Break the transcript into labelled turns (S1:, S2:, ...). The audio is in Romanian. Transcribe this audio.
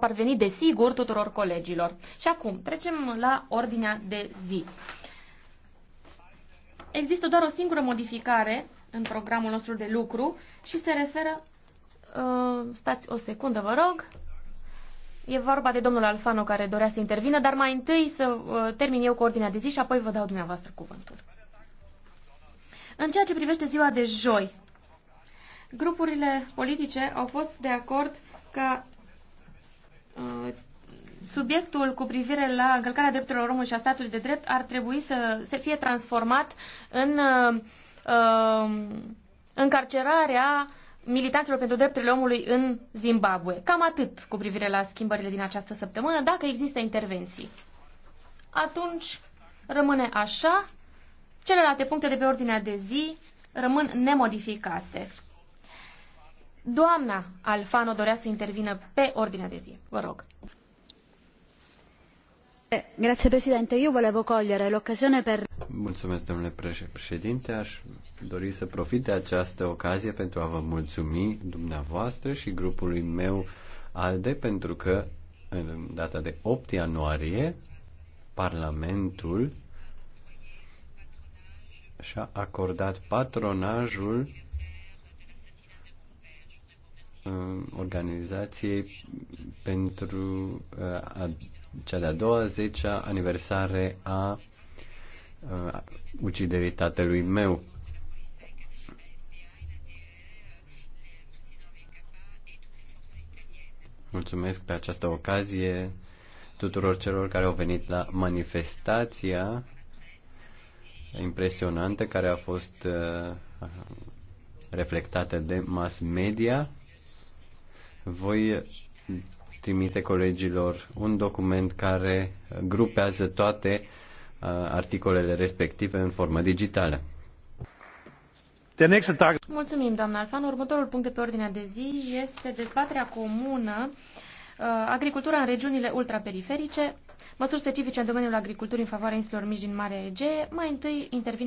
S1: parveni de sigur tuturor colegilor. Și acum, trecem la ordinea de zi. Există doar o singură modificare în programul nostru de lucru și se referă... Uh, stați o secundă, vă rog. E vorba de domnul Alfano care dorea să intervină, dar mai întâi să uh, termin eu cu ordinea de zi și apoi vă dau dumneavoastră cuvântul. În ceea ce privește ziua de joi, grupurile politice au fost de acord ca subiectul cu privire la încălcarea drepturilor omului și a statului de drept ar trebui să se fie transformat în uh, um, încarcerarea militanților pentru drepturile omului în Zimbabwe. Cam atât cu privire la schimbările din această săptămână, dacă există intervenții. Atunci rămâne așa. Celelalte puncte de pe ordinea de zi rămân nemodificate. Doamna Alfano dorea să intervină pe ordinea de zi. Vă
S2: rog. Eh, grazie Presidente, eu volevo cogliere l'occasione per... Mulțumesc, domnule președinte. Aș dori să profit de această ocazie pentru a vă mulțumi dumneavoastră și grupului meu ALDE pentru că în data de 8 ianuarie Parlamentul și-a acordat patronajul Uh, organizației pentru uh, a, cea de-a doua zecea aniversare a, a uh, uciderii tatălui meu. Mulțumesc pe această ocazie tuturor celor care au venit la manifestația impresionantă care a fost reflectată de mass media voi trimite colegilor un document care grupează toate uh, articolele respective în formă digitală. Mulțumim,
S1: doamna Alfan. Următorul punct de pe ordinea de zi este dezbaterea comună uh, agricultura în regiunile ultraperiferice, măsuri specifice în domeniul agriculturii în favoarea insulor mici din Marea Ege. Mai întâi intervine